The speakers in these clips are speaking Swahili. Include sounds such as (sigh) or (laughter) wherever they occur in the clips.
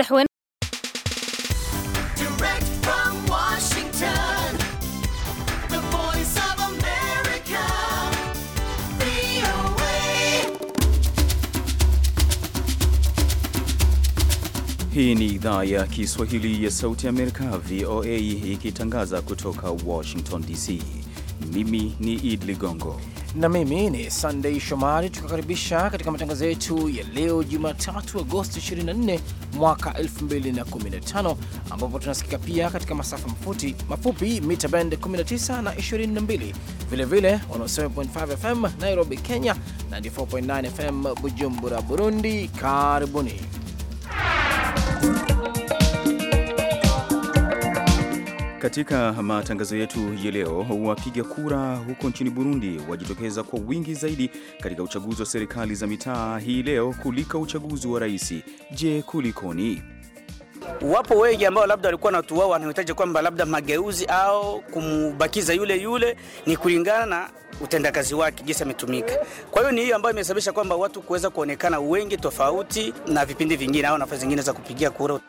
Hii ni idhaa ya Kiswahili ya Sauti ya Amerika, VOA, ikitangaza kutoka Washington DC. Mimi ni Id Ligongo na mimi ni Sunday Shomari, tukakaribisha katika matangazo yetu ya leo Jumatatu, Agosti 24 mwaka 2015, ambapo tunasikika pia katika masafa mafuti mafupi mita band 19 na 22, vilevile 107.5 FM Nairobi, Kenya, 94.9 FM Bujumbura, Burundi. Karibuni. Katika matangazo yetu ya leo, wapiga kura huko nchini Burundi wajitokeza kwa wingi zaidi katika uchaguzi wa serikali za mitaa hii leo kuliko uchaguzi wa rais. Je, kulikoni? Wapo wengi ambao labda walikuwa na watu wao wanahitaji kwamba labda mageuzi au kumbakiza yule yule, ni kulingana na utendakazi wake jinsi ametumika. Kwa hiyo ni hiyo ambayo imesababisha kwamba watu kuweza kuonekana wengi tofauti na vipindi vingine au nafasi zingine za kupigia kura.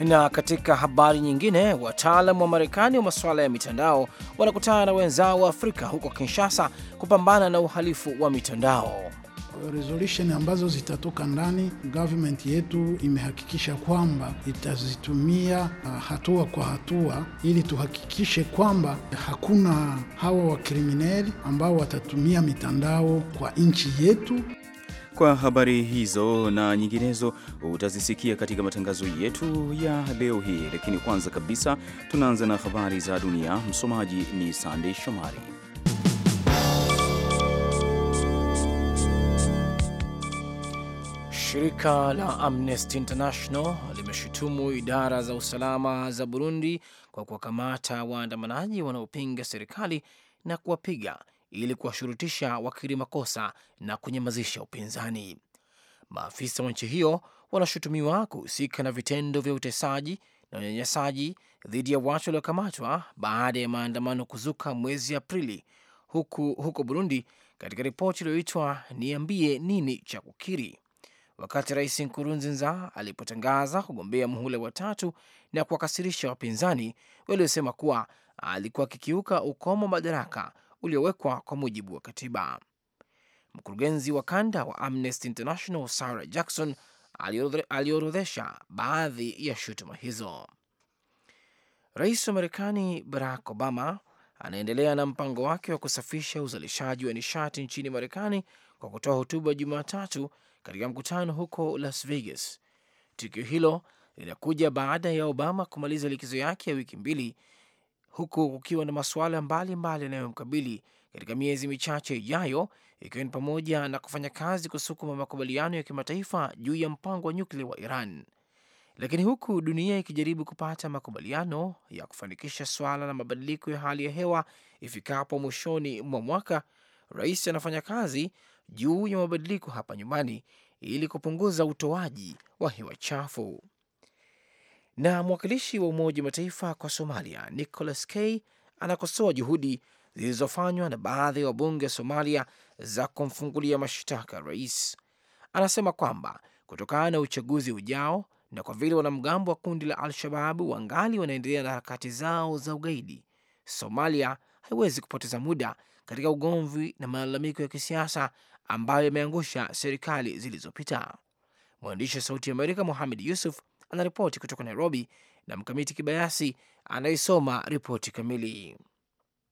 Na katika habari nyingine, wataalam wa Marekani wa masuala ya mitandao wanakutana na wenzao wa Afrika huko Kinshasa kupambana na uhalifu wa mitandao. Resolution ambazo zitatoka ndani, government yetu imehakikisha kwamba itazitumia uh, hatua kwa hatua, ili tuhakikishe kwamba hakuna hawa wakrimineli ambao watatumia mitandao kwa nchi yetu. Kwa habari hizo na nyinginezo utazisikia katika matangazo yetu ya leo hii, lakini kwanza kabisa tunaanza na habari za dunia. Msomaji ni Sandey Shomari. Shirika la Amnesty International limeshutumu idara za usalama za Burundi kwa kuwakamata waandamanaji wanaopinga serikali na kuwapiga ili kuwashurutisha wakiri makosa na kunyamazisha upinzani. Maafisa wa nchi hiyo wanashutumiwa kuhusika na vitendo vya utesaji na unyanyasaji dhidi ya watu waliokamatwa baada ya maandamano kuzuka mwezi Aprili huku, huko Burundi, katika ripoti iliyoitwa niambie nini cha kukiri, wakati Rais Nkurunziza alipotangaza kugombea muhula wa tatu na kuwakasirisha wapinzani waliosema kuwa alikuwa akikiuka ukomo madaraka uliowekwa kwa mujibu wa katiba. Mkurugenzi wa kanda wa Amnesty International Sarah Jackson aliorodhesha baadhi ya shutuma hizo. Rais wa Marekani Barack Obama anaendelea na mpango wake wa kusafisha uzalishaji wa nishati nchini Marekani kwa kutoa hotuba Jumatatu katika mkutano huko Las Vegas. Tukio hilo linakuja baada ya Obama kumaliza likizo yake ya wiki mbili huku kukiwa na masuala mbalimbali yanayomkabili katika miezi michache ijayo, ikiwa ni pamoja na kufanya kazi kusukuma makubaliano ya kimataifa juu ya mpango wa nyuklia wa Iran. Lakini huku dunia ikijaribu kupata makubaliano ya kufanikisha swala la mabadiliko ya hali ya hewa ifikapo mwishoni mwa mwaka, rais anafanya kazi juu ya mabadiliko hapa nyumbani ili kupunguza utoaji wa hewa chafu. Na mwakilishi wa Umoja wa Mataifa kwa Somalia Nicholas K anakosoa juhudi zilizofanywa na baadhi ya wabunge wa Somalia za kumfungulia mashtaka rais. Anasema kwamba kutokana na uchaguzi ujao na kwa vile wanamgambo wa kundi la Al-Shababu wangali wanaendelea na harakati zao za ugaidi, Somalia haiwezi kupoteza muda katika ugomvi na malalamiko ya kisiasa ambayo yameangusha serikali zilizopita. Mwandishi wa Sauti ya Amerika muhamed Yusuf anaripoti kutoka Nairobi na Mkamiti Kibayasi anayesoma ripoti kamili.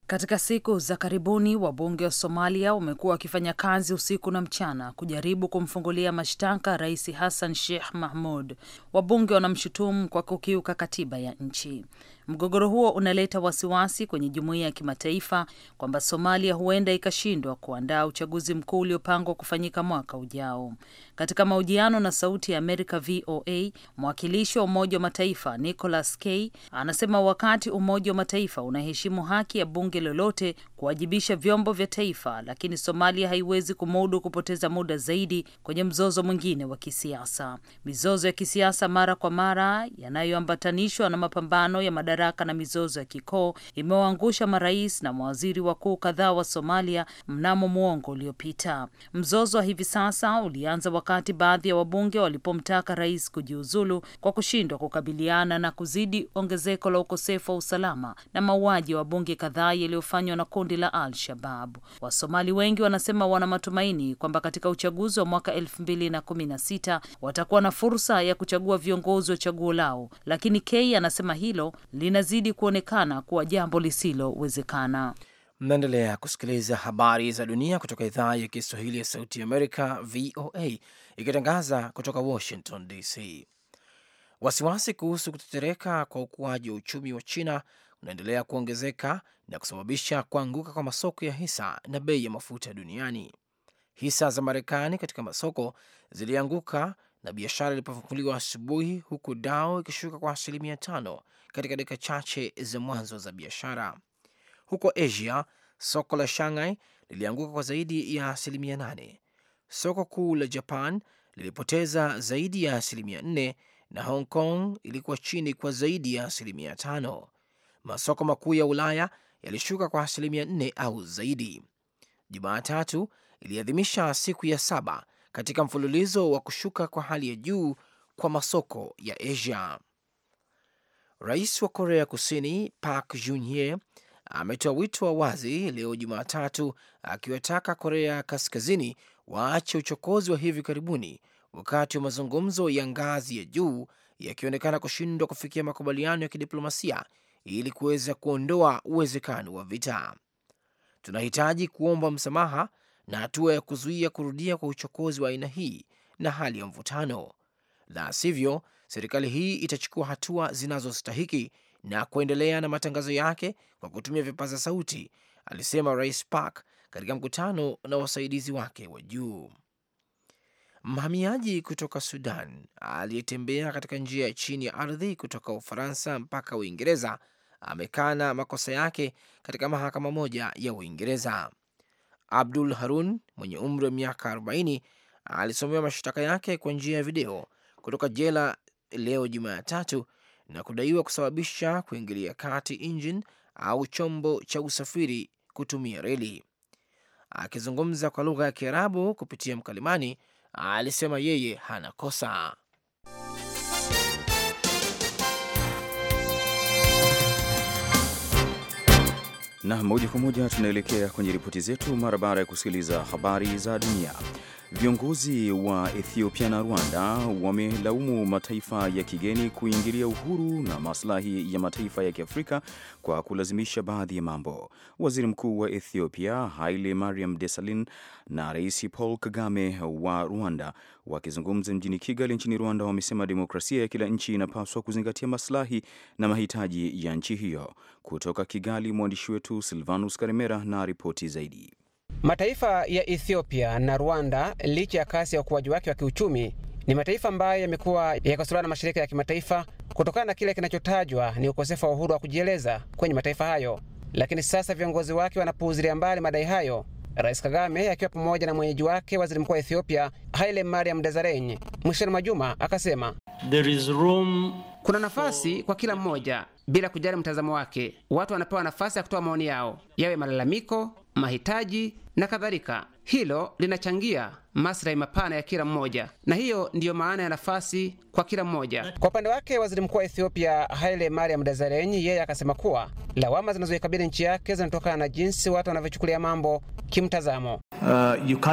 Katika siku za karibuni wabunge wa Somalia wamekuwa wakifanya kazi usiku na mchana kujaribu kumfungulia mashtaka Rais Hassan Sheikh Mahmud. Wabunge wanamshutumu kwa kukiuka katiba ya nchi. Mgogoro huo unaleta wasiwasi kwenye jumuiya ya kimataifa kwamba Somalia huenda ikashindwa kuandaa uchaguzi mkuu uliopangwa kufanyika mwaka ujao. Katika mahojiano na Sauti ya Amerika VOA, mwakilishi wa Umoja wa Mataifa Nicholas K anasema wakati Umoja wa Mataifa unaheshimu haki ya bunge lolote kuwajibisha vyombo vya taifa, lakini Somalia haiwezi kumudu kupoteza muda zaidi kwenye mzozo mwingine wa kisiasa. Mizozo ya kisiasa mara kwa mara yanayoambatanishwa na mapambano ya madaraka na mizozo ya kikoo imewaangusha marais na mawaziri wakuu kadhaa wa Somalia mnamo muongo uliopita. Mzozo wa hivi sasa ulianza wakati wakati baadhi ya wabunge walipomtaka rais kujiuzulu kwa kushindwa kukabiliana na kuzidi ongezeko la ukosefu wa usalama na mauaji ya wabunge kadhaa yaliyofanywa na kundi la Al Shabab. Wasomali wengi wanasema wana matumaini kwamba katika uchaguzi wa mwaka elfu mbili na kumi na sita watakuwa na fursa ya kuchagua viongozi wa chaguo lao, lakini k anasema hilo linazidi kuonekana kuwa jambo lisilowezekana. Mnaendelea kusikiliza habari za dunia kutoka idhaa ya Kiswahili ya Sauti ya Amerika, VOA, ikitangaza kutoka Washington DC. Wasiwasi kuhusu kutetereka kwa ukuaji wa uchumi wa China unaendelea kuongezeka na kusababisha kuanguka kwa masoko ya hisa na bei ya mafuta duniani. Hisa za Marekani katika masoko zilianguka na biashara ilipofunguliwa asubuhi, huku Dow ikishuka kwa asilimia tano katika dakika chache za mwanzo za biashara. Huko Asia, soko la Shanghai lilianguka kwa zaidi ya asilimia nane soko kuu la Japan lilipoteza zaidi ya asilimia nne na Hong Kong ilikuwa chini kwa zaidi ya asilimia tano. Masoko makuu ya Ulaya yalishuka kwa asilimia nne au zaidi. Jumatatu iliadhimisha siku ya saba katika mfululizo wa kushuka kwa hali ya juu kwa masoko ya Asia. Rais wa Korea Kusini Park Geun-hye ametoa wito wa wazi leo Jumatatu akiwataka Korea Kaskazini waache uchokozi wa hivi karibuni wakati wa mazungumzo ya ngazi ya juu yakionekana kushindwa kufikia makubaliano ya kidiplomasia ili kuweza kuondoa uwezekano wa vita. Tunahitaji kuomba msamaha na hatua ya kuzuia kurudia kwa uchokozi wa aina hii na hali ya mvutano, la sivyo serikali hii itachukua hatua zinazostahiki na kuendelea na matangazo yake kwa kutumia vipaza sauti, alisema Rais Park katika mkutano na wasaidizi wake wa juu. Mhamiaji kutoka Sudan aliyetembea katika njia ya chini ya ardhi kutoka Ufaransa mpaka Uingereza amekana makosa yake katika mahakama moja ya Uingereza. Abdul Harun mwenye umri wa miaka 40 alisomewa mashtaka yake kwa njia ya video kutoka jela leo Jumatatu na kudaiwa kusababisha kuingilia kati injini au chombo cha usafiri kutumia reli akizungumza kwa lugha ya Kiarabu kupitia mkalimani, alisema yeye hana kosa. Na moja kwa moja tunaelekea kwenye ripoti zetu mara baada ya kusikiliza habari za dunia. Viongozi wa Ethiopia na Rwanda wamelaumu mataifa ya kigeni kuingilia uhuru na maslahi ya mataifa ya Kiafrika kwa kulazimisha baadhi ya mambo. Waziri Mkuu wa Ethiopia Haile Mariam Desalin na Rais Paul Kagame wa Rwanda wakizungumza mjini Kigali nchini Rwanda wamesema demokrasia ya kila nchi inapaswa kuzingatia maslahi na mahitaji ya nchi hiyo. Kutoka Kigali, mwandishi wetu Silvanus Karimera na ripoti zaidi. Mataifa ya Ethiopia na Rwanda, licha ya kasi ya ukuaji wake wa kiuchumi, ni mataifa ambayo yamekuwa yakikosolewa na mashirika ya kimataifa kutokana na kile kinachotajwa ni ukosefu wa uhuru wa kujieleza kwenye mataifa hayo, lakini sasa viongozi wake wanapuuzilia mbali madai hayo. Rais Kagame akiwa pamoja na mwenyeji wake waziri mkuu wa Ethiopia Haile Mariam Desalegn mwishoni mwa juma akasema There is room kuna nafasi kwa kila mmoja bila kujali mtazamo wake. Watu wanapewa nafasi ya kutoa maoni yao, yawe malalamiko, mahitaji na kadhalika. Hilo linachangia maslahi mapana ya kila mmoja, na hiyo ndiyo maana ya nafasi kwa kila mmoja. Kwa upande wake, waziri mkuu wa Ethiopia Haile Mariam Desalegn yeye akasema kuwa lawama zinazoikabili nchi yake zinatokana na jinsi watu wanavyochukulia mambo kimtazamo. Uh,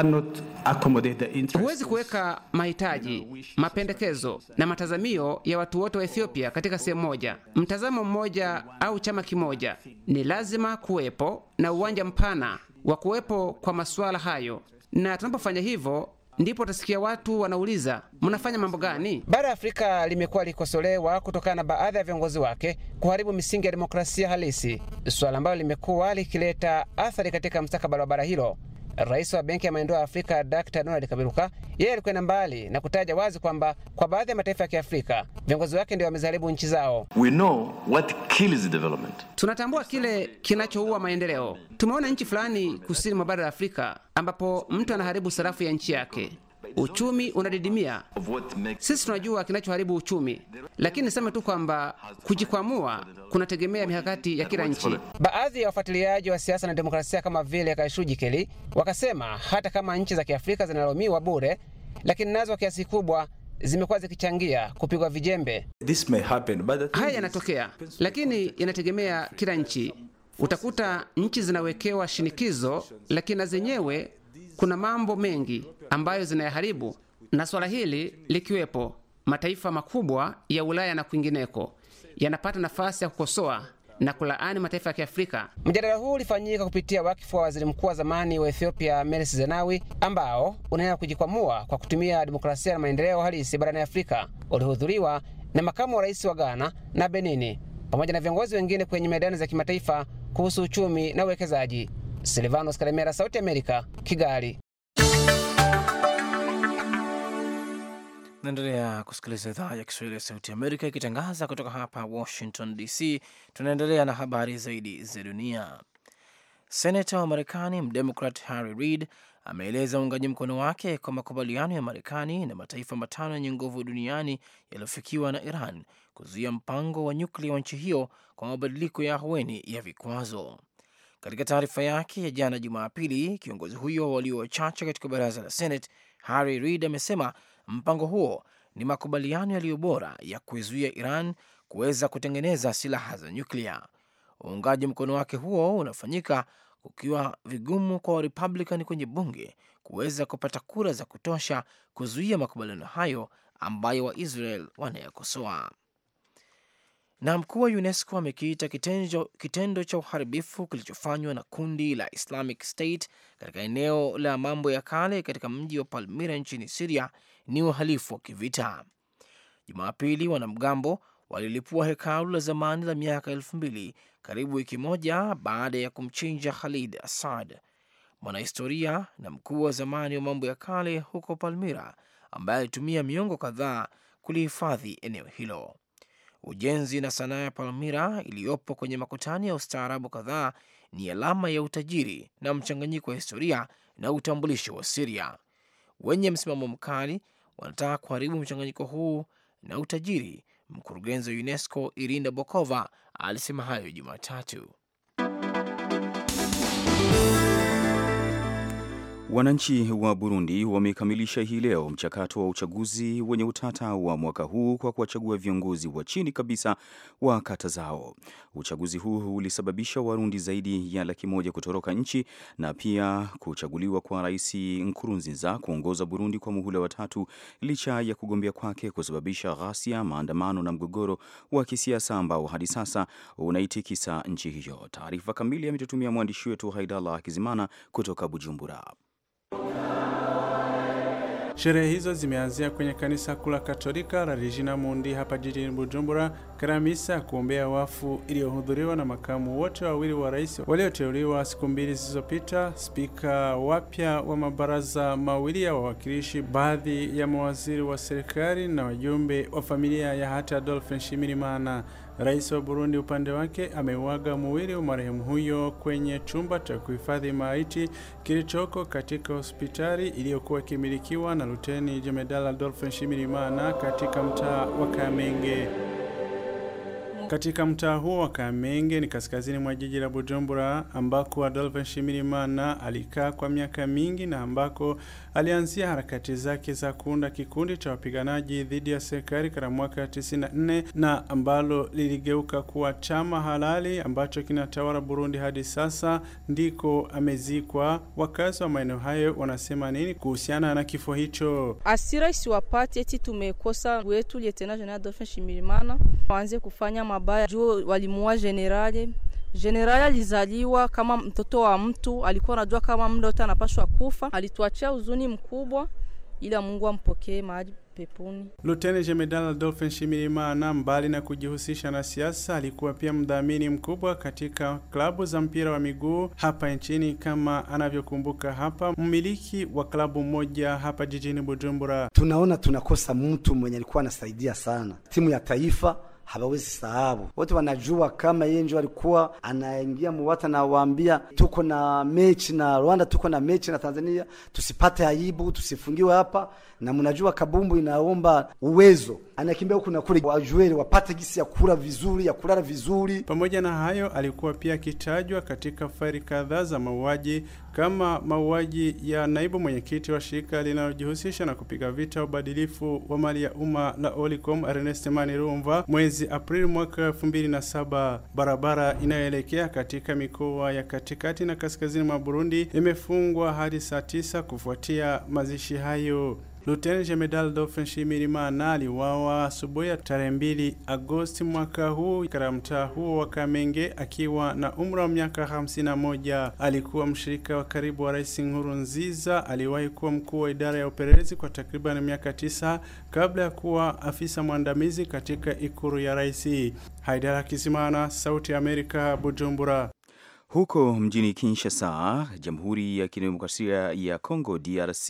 Huwezi kuweka mahitaji, mapendekezo na matazamio ya watu wote wa Ethiopia Ethiopia katika sehemu moja, mtazamo mmoja au chama kimoja. Ni lazima kuwepo na uwanja mpana wa kuwepo kwa masuala hayo, na tunapofanya hivyo ndipo utasikia watu wanauliza mnafanya mambo gani? Bara Afrika limekuwa likikosolewa kutokana na baadhi ya viongozi wake kuharibu misingi ya demokrasia halisi, suala ambalo limekuwa likileta athari katika mstakabali wa bara hilo. Rais wa Benki ya Maendeleo ya Afrika Dr. Donald Kaberuka yeye alikwenda mbali na kutaja wazi kwamba kwa baadhi ya mataifa ya Kiafrika viongozi wake ndio wameziharibu nchi zao. We know what kills development. Tunatambua kile kinachoua maendeleo. Tumeona nchi fulani kusini mwa bara la Afrika ambapo mtu anaharibu sarafu ya nchi yake uchumi unadidimia. Sisi tunajua kinachoharibu uchumi, lakini niseme tu kwamba kujikwamua kunategemea mikakati ya kila nchi. Baadhi ya wafuatiliaji wa siasa na demokrasia kama vile kashujikeli wakasema hata kama nchi za Kiafrika zinalaumiwa bure, lakini nazo kiasi kubwa zimekuwa zikichangia kupigwa vijembe. Haya yanatokea, lakini yanategemea kila nchi. Utakuta nchi zinawekewa shinikizo, lakini na zenyewe kuna mambo mengi ambayo zinayaharibu, na swala hili likiwepo, mataifa makubwa ya Ulaya na kwingineko yanapata nafasi ya kukosoa na kulaani mataifa ya Kiafrika. Mjadala huu ulifanyika kupitia wakifu wa waziri mkuu wa zamani wa Ethiopia Meles Zenawi, ambao unaenda kujikwamua kwa kutumia demokrasia na maendeleo halisi barani Afrika, ulihudhuriwa na makamu wa rais wa Ghana na Benini pamoja na viongozi wengine kwenye medani za kimataifa kuhusu uchumi na uwekezaji. Silvanos Karemera, Sauti Amerika, Kigali. Naendelea kusikiliza idhaa ya Kiswahili ya Sauti Amerika ikitangaza kutoka hapa Washington DC. Tunaendelea na habari zaidi za dunia. Senata wa Marekani Mdemokrat Harry Reid ameeleza uungaji mkono wake kwa makubaliano ya Marekani na mataifa matano yenye nguvu duniani yaliyofikiwa na Iran kuzuia mpango wa nyuklia wa nchi hiyo kwa mabadiliko ya ahueni ya vikwazo. Katika taarifa yake ya jana Jumapili, kiongozi huyo walio wachache katika baraza la Senate Harry Reid amesema mpango huo ni makubaliano yaliyo bora ya kuizuia Iran kuweza kutengeneza silaha za nyuklia. Uungaji mkono wake huo unafanyika kukiwa vigumu kwa Warepublican kwenye bunge kuweza kupata kura za kutosha kuzuia makubaliano hayo ambayo Waisrael wanayakosoa. Na mkuu wa UNESCO amekiita kitendo, kitendo cha uharibifu kilichofanywa na kundi la Islamic State katika eneo la mambo ya kale katika mji wa Palmira nchini Siria ni uhalifu wa kivita. Jumapili, wanamgambo walilipua hekalu la zamani la miaka elfu mbili karibu wiki moja baada ya kumchinja Khalid Assad, mwanahistoria na mkuu wa zamani wa mambo ya kale huko Palmira, ambaye alitumia miongo kadhaa kulihifadhi eneo hilo. Ujenzi na sanaa ya Palmira iliyopo kwenye makutano ya ustaarabu kadhaa ni alama ya utajiri na mchanganyiko wa historia na utambulisho wa Siria. Wenye msimamo mkali wanataka kuharibu mchanganyiko huu na utajiri. Mkurugenzi wa UNESCO Irina Bokova alisema hayo Jumatatu. Wananchi wa Burundi wamekamilisha hii leo mchakato wa uchaguzi wenye utata wa mwaka huu kwa kuwachagua viongozi wa chini kabisa wa kata zao. Uchaguzi huu ulisababisha Warundi zaidi ya laki moja kutoroka nchi na pia kuchaguliwa kwa Rais Nkurunziza kuongoza Burundi kwa muhula watatu licha ya kugombea kwake kusababisha ghasia, maandamano na mgogoro wa kisiasa ambao hadi sasa unaitikisa nchi hiyo. Taarifa kamili ametutumia mwandishi wetu Haidallah Kizimana kutoka Bujumbura. Sherehe hizo zimeanzia kwenye kanisa kuu la Katolika la Regina Mundi hapa jijini Bujumbura, katika misa ya kuombea wafu iliyohudhuriwa na makamu wote wawili wa rais walioteuliwa siku mbili zilizopita, spika wapya wa mabaraza mawili ya wawakilishi, baadhi ya mawaziri wa serikali na wajumbe wa familia ya hata Adolphe Nshimirimana. Rais wa Burundi upande wake ameuaga mwili wa marehemu huyo kwenye chumba cha kuhifadhi maiti kilichoko katika hospitali iliyokuwa ikimilikiwa na Luteni Jemedala Adolphe Nshimirimana katika mtaa wa Kamenge. Katika mtaa huo wa Kamenge ni kaskazini mwa jiji la Bujumbura ambako Adolphe Nshimirimana alikaa kwa miaka mingi na ambako alianzia harakati zake za kuunda kikundi cha wapiganaji dhidi ya serikali katika mwaka 94 na ambalo liligeuka kuwa chama halali ambacho kinatawala Burundi hadi sasa, ndiko amezikwa. Wakazi wa maeneo hayo wanasema nini kuhusiana na kifo hicho? Asira isiwapate eti tumekosa wetu Lieutenant General Adolphe Nshimirimana waanze kufanya mabaya juu walimuua generali. Generali alizaliwa kama mtoto wa mtu, alikuwa anajua kama muda wote anapashwa kufa. Alituachia huzuni mkubwa, ila Mungu ampokee mahali peponi. Luteni Jemedal Adolphe Nshimirimana, mbali na kujihusisha na siasa, alikuwa pia mdhamini mkubwa katika klabu za mpira wa miguu hapa nchini, kama anavyokumbuka hapa mmiliki wa klabu moja hapa jijini Bujumbura. Tunaona tunakosa mtu mwenye alikuwa anasaidia sana timu ya taifa habawezi sahabu wote wanajua kama yeye ndio alikuwa anaingia muwata na waambia, tuko na mechi na Rwanda, tuko na mechi na Tanzania, tusipate aibu, tusifungiwe hapa. Na mnajua kabumbu inaomba uwezo, anakimbia huku na kule, wajueli wapate gisi ya kula vizuri, ya kulala vizuri. Pamoja na hayo, alikuwa pia akitajwa katika faili kadhaa za mauaji kama mauaji ya naibu mwenyekiti wa shirika linalojihusisha na kupiga vita ubadilifu wa mali ya umma la Olicom Ernest rumva mwezi Aprili mwaka 2007. Barabara inayoelekea katika mikoa ya katikati na kaskazini mwa Burundi imefungwa hadi saa tisa kufuatia mazishi hayo. Luteni Jemedali Dolphin Shimirimana aliuawa asubuhi ya tarehe 2 Agosti mwaka huu katika mtaa huo wa Kamenge akiwa na umri wa miaka 51. Alikuwa mshirika wa karibu wa Rais Nkurunziza, aliwahi kuwa mkuu wa idara ya upelelezi kwa takriban miaka tisa kabla ya kuwa afisa mwandamizi katika ikuru ya rais. Haidara Kisimana, Sauti ya Amerika, Bujumbura. Huko mjini Kinshasa, Jamhuri ya Kidemokrasia ya Kongo DRC,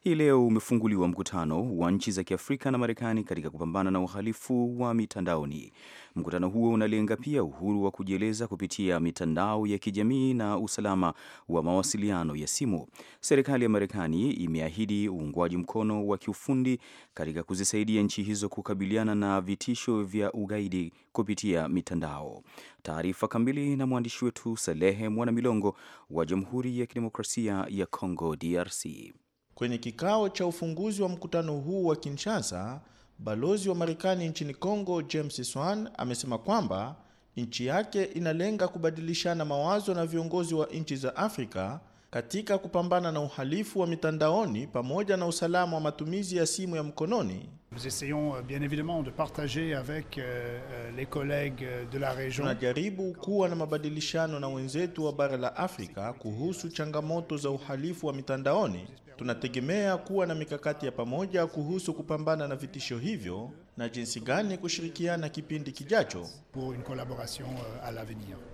hii leo umefunguliwa mkutano wa nchi za Kiafrika na Marekani katika kupambana na uhalifu wa mitandaoni. Mkutano huo unalenga pia uhuru wa kujieleza kupitia mitandao ya kijamii na usalama wa mawasiliano ya simu. Serikali ya Marekani imeahidi uungwaji mkono wa kiufundi katika kuzisaidia nchi hizo kukabiliana na vitisho vya ugaidi kupitia mitandao. Taarifa kamili na mwandishi wetu Salehe Mwanamilongo wa Jamhuri ya Kidemokrasia ya Kongo, DRC. Kwenye kikao cha ufunguzi wa mkutano huu wa Kinshasa, Balozi wa Marekani nchini Kongo James Swan amesema kwamba nchi yake inalenga kubadilishana mawazo na viongozi wa nchi za Afrika katika kupambana na uhalifu wa mitandaoni pamoja na usalama wa matumizi ya simu ya mkononi. Euh, euh, euh, Tunajaribu kuwa na mabadilishano na wenzetu wa bara la Afrika kuhusu changamoto za uhalifu wa mitandaoni Tunategemea kuwa na mikakati ya pamoja kuhusu kupambana na vitisho hivyo na jinsi gani kushirikiana kipindi kijacho. Euh,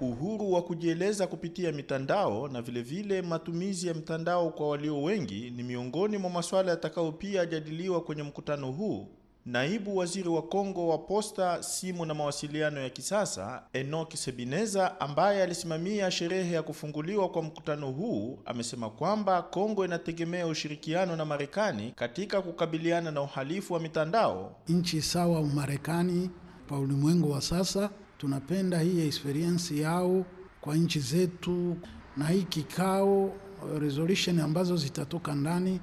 Uhuru wa kujieleza kupitia mitandao na vilevile vile matumizi ya mtandao kwa walio wengi ni miongoni mwa masuala yatakayopia jadiliwa kwenye mkutano huu. Naibu waziri wa Kongo wa posta, simu na mawasiliano ya kisasa Enoki Sebineza, ambaye alisimamia sherehe ya kufunguliwa kwa mkutano huu, amesema kwamba Kongo inategemea ushirikiano na Marekani katika kukabiliana na uhalifu wa mitandao. Nchi sawa Marekani kwa ulimwengu wa sasa, tunapenda hii experience yao kwa nchi zetu, na hii kikao resolution ambazo zitatoka ndani,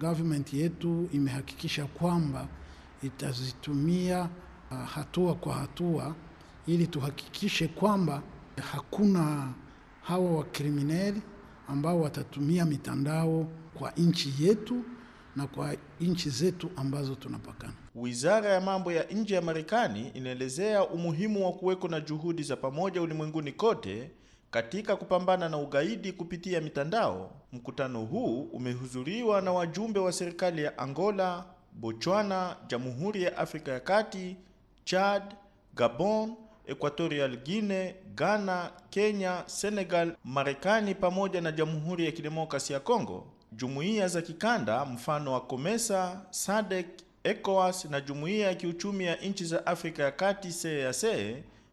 government yetu imehakikisha kwamba itazitumia uh, hatua kwa hatua ili tuhakikishe kwamba hakuna hawa wakrimineli ambao watatumia mitandao kwa nchi yetu na kwa nchi zetu ambazo tunapakana. Wizara ya mambo ya nje ya Marekani inaelezea umuhimu wa kuweko na juhudi za pamoja ulimwenguni kote katika kupambana na ugaidi kupitia mitandao. Mkutano huu umehudhuriwa na wajumbe wa serikali ya Angola, Botswana, Jamhuri ya Afrika ya Kati, Chad, Gabon, Equatorial Guinea, Ghana, Kenya, Senegal, Marekani pamoja na Jamhuri ya Kidemokrasia ya Kongo. Jumuiya za kikanda mfano wa COMESA, SADC, ECOWAS na Jumuiya ya Kiuchumi ya Nchi za Afrika ya Kati, EAC,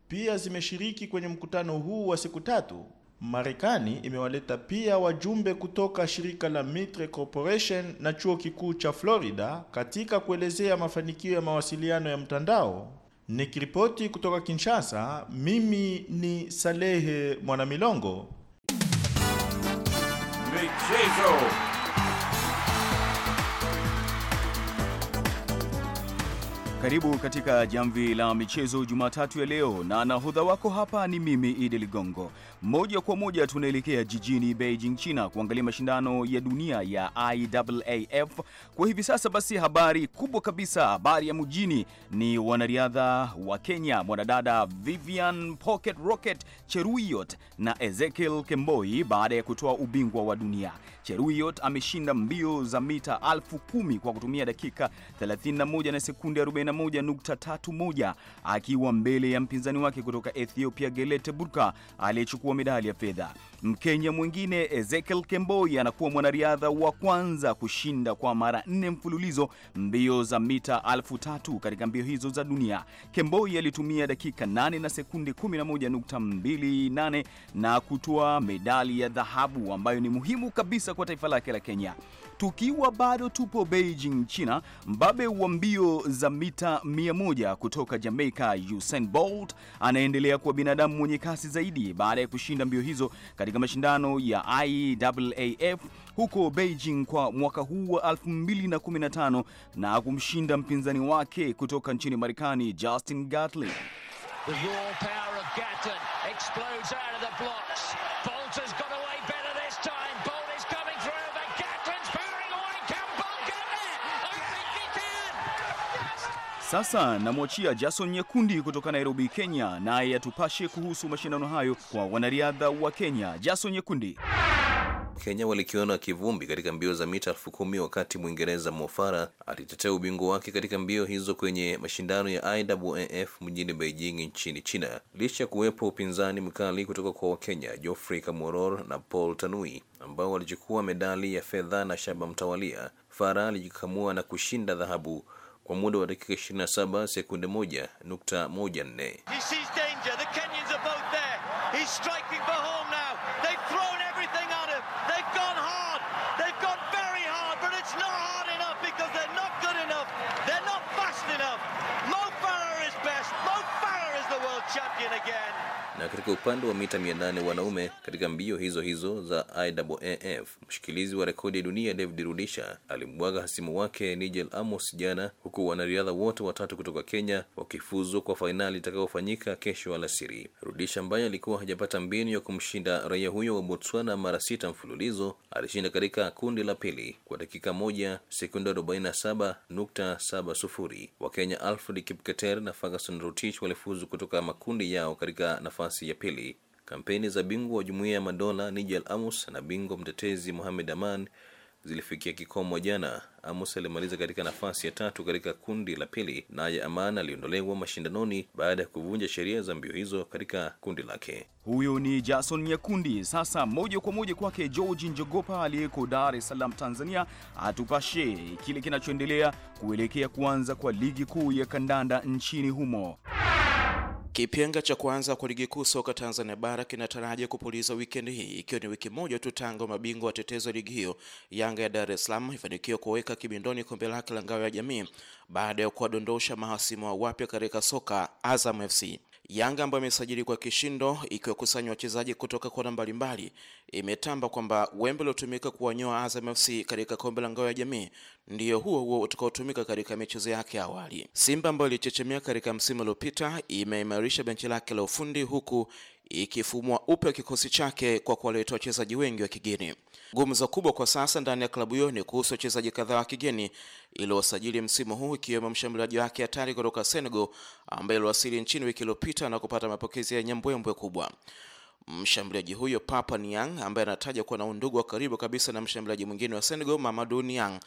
pia zimeshiriki kwenye mkutano huu wa siku tatu. Marekani imewaleta pia wajumbe kutoka shirika la Mitre Corporation na chuo kikuu cha Florida katika kuelezea mafanikio ya mawasiliano ya mtandao. Nikiripoti kutoka Kinshasa, mimi ni Salehe Mwanamilongo. Michezo. Karibu katika jamvi la michezo Jumatatu ya leo, na nahodha wako hapa ni mimi Idi Ligongo. Moja kwa moja tunaelekea jijini Beijing, China, kuangalia mashindano ya dunia ya IAAF kwa hivi sasa. Basi habari kubwa kabisa, habari ya mjini ni wanariadha wa Kenya, mwanadada Vivian Pocket Rocket Cheruiyot na Ezekiel Kemboi baada ya kutoa ubingwa wa dunia. Cheruiyot ameshinda mbio za mita elfu kumi kwa kutumia dakika 31 na sekunde 41.31 akiwa mbele ya mpinzani wake kutoka Ethiopia Gelete Burka aliyechukua medali ya fedha. Mkenya mwingine Ezekiel Kemboi anakuwa mwanariadha wa kwanza kushinda kwa mara nne mfululizo mbio za mita elfu tatu katika mbio hizo za dunia. Kemboi alitumia dakika 8 na sekunde 11.28 na kutoa medali ya dhahabu ambayo ni muhimu kabisa kwa taifa lake la Kenya. Tukiwa bado tupo Beijing, China, mbabe wa mbio za mita 100 kutoka Jamaica Usain Bolt anaendelea kuwa binadamu mwenye kasi zaidi baada ya kushinda mbio hizo katika mashindano ya IAAF huko Beijing kwa mwaka huu wa 2015 na kumshinda mpinzani wake kutoka nchini Marekani Justin Gatlin. The raw power of Gatlin explodes out of the blocks. Bolt has got Sasa namwachia Jason Nyekundi kutoka Nairobi, Kenya, naye atupashe kuhusu mashindano hayo kwa wanariadha wa Kenya. Jason Nyekundi. Kenya walikiona kivumbi katika mbio za mita elfu kumi wakati Mwingereza mofara alitetea ubingwa wake katika mbio hizo kwenye mashindano ya IAAF mjini Beijing nchini China, licha ya kuwepo upinzani mkali kutoka kwa Wakenya Geoffrey Kamworor na Paul Tanui ambao walichukua medali ya fedha na shaba mtawalia. Farah alijikamua na kushinda dhahabu kwa muda wa dakika 27 sekunde 1.14. champion again. Na katika upande wa mita 800 wanaume katika mbio hizo hizo za IAAF, mshikilizi wa rekodi ya dunia David Rudisha alimbwaga hasimu wake Nigel Amos jana, huku wanariadha wote watatu kutoka Kenya wakifuzu kwa fainali itakayofanyika kesho alasiri. Rudisha ambaye alikuwa hajapata mbinu ya kumshinda raia huyo wa Botswana mara sita mfululizo alishinda katika kundi la pili kwa dakika moja sekunde 47.70. Wakenya Alfred Kipketer na Ferguson Rotich walifuzu kutoka makundi yao katika nafasi nafasi ya pili. Kampeni za bingwa wa jumuiya ya madola Nigel Amos na bingwa mtetezi Mohamed Aman zilifikia kikomo jana. Amos alimaliza katika nafasi ya tatu katika kundi la pili, naye Aman aliondolewa mashindanoni baada ya kuvunja sheria za mbio hizo katika kundi lake. Huyo ni Jason Nyakundi. Sasa moja kwa moja kwake George Njogopa aliyeko Dar es Salaam, Tanzania, atupashe kile kinachoendelea kuelekea kuanza kwa ligi kuu ya kandanda nchini humo. Kipenga cha kwanza kwa ligi kuu soka Tanzania bara kinataraji kupuliza wikendi hii ikiwa ni wiki moja tu tangu mabingwa watetezi wa ligi hiyo Yanga ya Dar es Salaam ifanikiwe kuweka kibindoni kombe lake la ngao ya jamii baada ya kuwadondosha mahasimu wapya katika soka Azam FC. Yanga ambayo imesajili kwa kishindo ikiwakusanya wachezaji kutoka kona mbalimbali, imetamba kwamba wembe uliotumika kuwanyoa Azam FC katika kombe la ngao ya jamii ndiyo huo huo utakaotumika katika michezo yake awali. Simba ambayo ilichechemea katika msimu uliopita imeimarisha benchi lake la ufundi huku ikifumua upya kikosi chake kwa kuwaleta wachezaji wengi wa kigeni. Gumzo kubwa kwa sasa ndani ya klabu hiyo ni kuhusu wachezaji kadhaa wa kigeni iliwasajili msimu huu, ikiwemo mshambuliaji wake hatari kutoka Senegal ambaye aliwasili nchini wiki iliyopita na kupata mapokezi ya nyambwembwe kubwa. Mshambuliaji huyo Papa Niang ambaye anataja kuwa na undugu wa karibu kabisa na mshambuliaji mwingine wa Senegal Mamadou Niang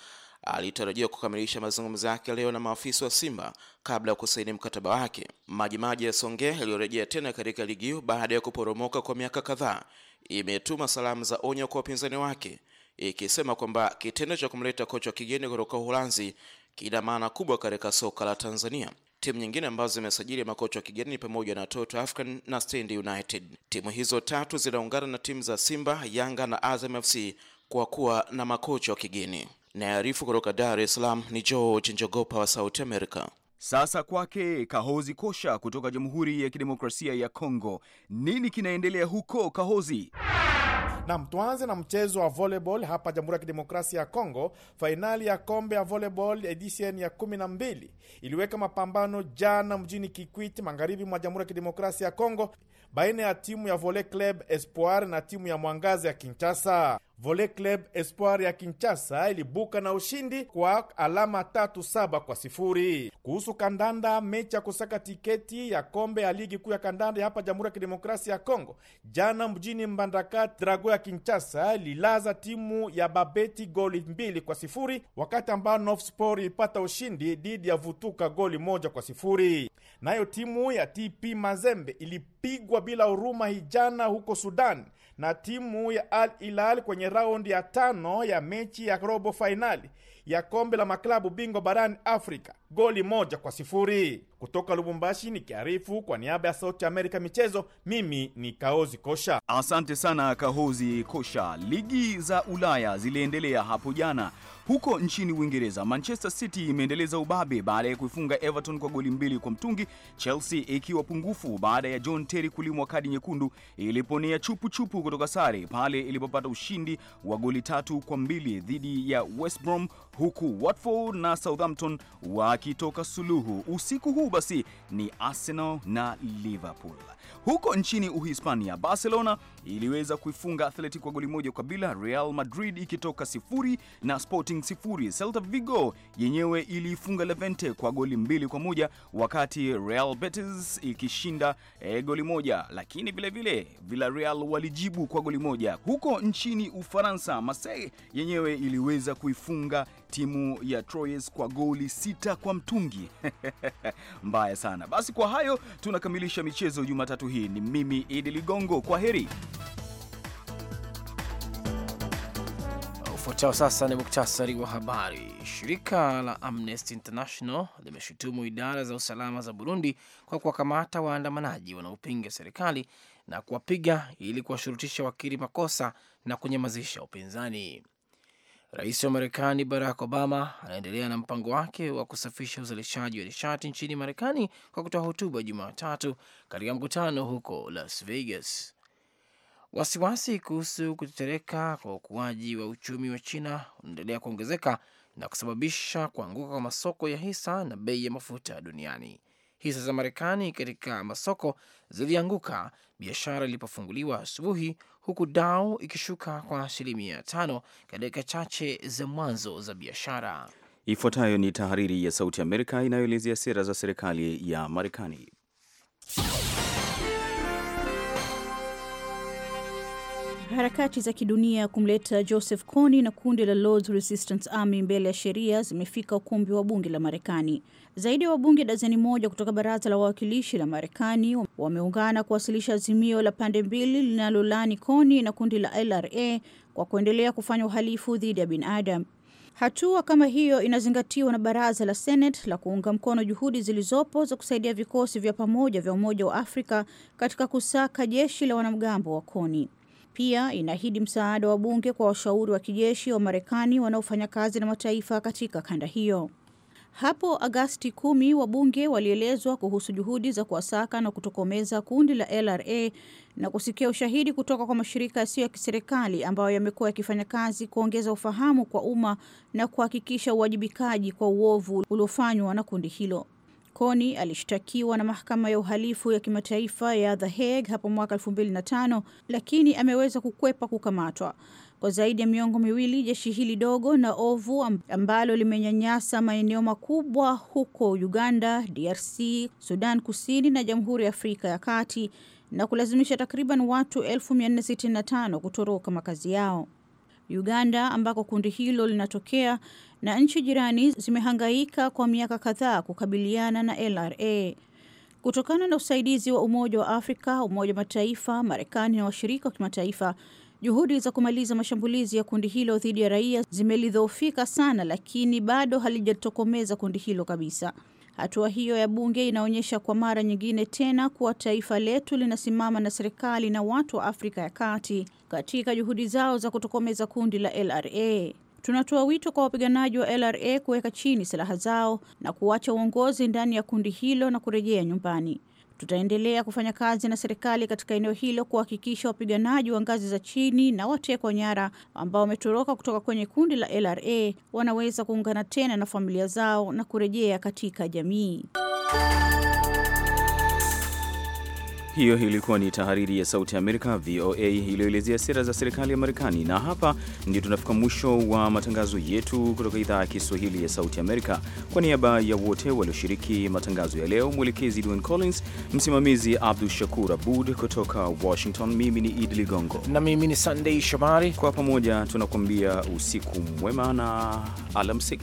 alitarajiwa kukamilisha mazungumzo yake leo na maafisa wa Simba kabla ya kusaini mkataba wake. Majimaji ya Songea yaliyorejea tena katika ligi hiyo baada ya kuporomoka kwa miaka kadhaa, imetuma salamu za onyo kwa wapinzani wake ikisema kwamba kitendo cha kumleta kocha wa kigeni kutoka Uholanzi kina maana kubwa katika soka la Tanzania. Timu nyingine ambazo zimesajili makocha wa kigeni ni pamoja na Toto African na Stand United. Timu hizo tatu zinaungana na timu za Simba, Yanga na Azam FC kwa kuwa na makocha wa kigeni. Naarifu kutoka Dar es Salaam ni George Njogopa wa Sauti america Sasa kwake Kahozi Kosha kutoka Jamhuri ya Kidemokrasia ya Kongo. Nini kinaendelea huko Kahozi? Nam, tuanze na mchezo wa volleyball hapa Jamhuri ya Kidemokrasia ya Kongo. Fainali ya kombe ya volleyball edition ya kumi na mbili iliweka mapambano jana mjini Kikwiti, magharibi mwa Jamhuri ya Kidemokrasia ya Kongo, baina ya timu ya Volley Club Espoir na timu ya Mwangazi ya Kinshasa. Volley Club Espoir ya Kinshasa ilibuka na ushindi kwa alama tatu saba kwa sifuri. Kuhusu kandanda, mechi ya kusaka tiketi ya kombe ya ligi kuu ya kandanda hapa Jamhuri ya Kidemokrasia ya Kongo, jana mjini Mbandaka, Drago ya Kinshasa ililaza timu ya Babeti goli mbili kwa sifuri, wakati ambao North Sport ilipata ushindi dhidi ya Vutuka goli moja kwa sifuri. Nayo timu ya TP Mazembe ilipigwa bila huruma hijana huko Sudan na timu ya Al Hilal kwenye raundi ya tano ya mechi ya robo fainali ya kombe la maklabu bingwa barani Afrika goli moja kwa sifuri. Kutoka Lubumbashi nikiarifu kwa niaba ya Sauti Amerika michezo, mimi ni Kaozi Kosha. Asante sana Kahozi Kosha. Ligi za Ulaya ziliendelea hapo jana. Huko nchini Uingereza, Manchester City imeendeleza ubabe baada ya kuifunga Everton kwa goli mbili kwa mtungi, Chelsea ikiwa pungufu baada ya John Terry kulimwa kadi nyekundu iliponea chupu chupu kutoka sare pale ilipopata ushindi wa goli tatu kwa mbili dhidi ya West Brom huku Watford na Southampton wakitoka suluhu. Usiku huu basi ni Arsenal na Liverpool. Huko nchini Uhispania, Barcelona iliweza kuifunga kwa goli moja kwa bila, Real Madrid ikitoka sifuri na Sporting sifuri. Celta Vigo yenyewe iliifunga Levante kwa goli mbili kwa moja wakati Real Betis ikishinda e, goli moja, lakini vilevile Villarreal walijibu kwa goli moja. Huko nchini Ufaransa, Marseille yenyewe iliweza kuifunga timu ya Troyes kwa goli sita kwa mtungi (laughs) mbaya sana. Basi kwa hayo tunakamilisha michezo Jumatatu hii. Ni mimi Idi Ligongo, kwa heri. Ufuatao sasa ni muktasari wa habari. Shirika la Amnesty International limeshutumu idara za usalama za Burundi kwa kuwakamata waandamanaji wanaopinga serikali na kuwapiga ili kuwashurutisha wakiri makosa na kunyamazisha upinzani. Rais wa Marekani Barack Obama anaendelea na mpango wake wa kusafisha uzalishaji wa nishati nchini Marekani kwa kutoa hotuba Jumatatu katika mkutano huko Las Vegas. Wasiwasi kuhusu kutetereka kwa ukuaji wa uchumi wa China unaendelea kuongezeka na kusababisha kuanguka kwa masoko ya hisa na bei ya mafuta duniani. Hisa za Marekani katika masoko zilianguka biashara ilipofunguliwa asubuhi, huku Dow ikishuka kwa asilimia tano katika chache za mwanzo za biashara. Ifuatayo ni tahariri ya Sauti Amerika inayoelezea sera za serikali ya Marekani. Harakati za kidunia kumleta Joseph Kony na kundi la Lords Resistance Army mbele ya sheria zimefika ukumbi wa bunge la Marekani. Zaidi ya wabunge dazeni moja kutoka baraza la wawakilishi la Marekani wameungana kuwasilisha azimio la pande mbili linalolani Kony na kundi la LRA kwa kuendelea kufanya uhalifu dhidi ya binadamu. Hatua kama hiyo inazingatiwa na baraza la Senate la kuunga mkono juhudi zilizopo za kusaidia vikosi vya pamoja vya Umoja wa Afrika katika kusaka jeshi la wanamgambo wa Kony. Pia inaahidi msaada wa bunge kwa washauri wa kijeshi wa Marekani wanaofanya kazi na mataifa katika kanda hiyo. Hapo Agasti kumi wabunge walielezwa kuhusu juhudi za kuwasaka na kutokomeza kundi la LRA na kusikia ushahidi kutoka kwa mashirika yasiyo ya kiserikali ambayo yamekuwa yakifanya kazi kuongeza ufahamu kwa umma na kuhakikisha uwajibikaji kwa uovu uliofanywa na kundi hilo. Kony alishtakiwa na mahakama ya uhalifu ya kimataifa ya The Hague hapo mwaka 2005 lakini ameweza kukwepa kukamatwa. Kwa zaidi ya miongo miwili, jeshi hili dogo na ovu ambalo limenyanyasa maeneo makubwa huko Uganda, DRC, Sudan Kusini na Jamhuri ya Afrika ya Kati na kulazimisha takriban watu 1465 kutoroka makazi yao. Uganda ambako kundi hilo linatokea na nchi jirani zimehangaika kwa miaka kadhaa kukabiliana na LRA. Kutokana na usaidizi wa Umoja wa Afrika, Umoja wa Mataifa, Marekani na washirika wa kimataifa, juhudi za kumaliza mashambulizi ya kundi hilo dhidi ya raia zimelidhoofika sana, lakini bado halijatokomeza kundi hilo kabisa. Hatua hiyo ya bunge inaonyesha kwa mara nyingine tena kuwa taifa letu linasimama na serikali na watu wa Afrika ya Kati katika juhudi zao za kutokomeza kundi la LRA. Tunatoa wito kwa wapiganaji wa LRA kuweka chini silaha zao na kuacha uongozi ndani ya kundi hilo na kurejea nyumbani. Tutaendelea kufanya kazi na serikali katika eneo hilo kuhakikisha wapiganaji wa ngazi za chini na watekwa nyara ambao wametoroka kutoka kwenye kundi la LRA wanaweza kuungana tena na familia zao na kurejea katika jamii. Hiyo ilikuwa ni tahariri ya Sauti ya Amerika VOA iliyoelezea sera za serikali ya Marekani, na hapa ndio tunafika mwisho wa matangazo yetu kutoka idhaa ya Kiswahili ya Sauti Amerika. Kwa niaba ya wote walioshiriki matangazo ya leo, mwelekezi Dwayne Collins, msimamizi Abdu Shakur Abud kutoka Washington, mimi ni Idi Ligongo na mimi ni Sandei Shomari, kwa pamoja tunakuambia usiku mwema na alamsik.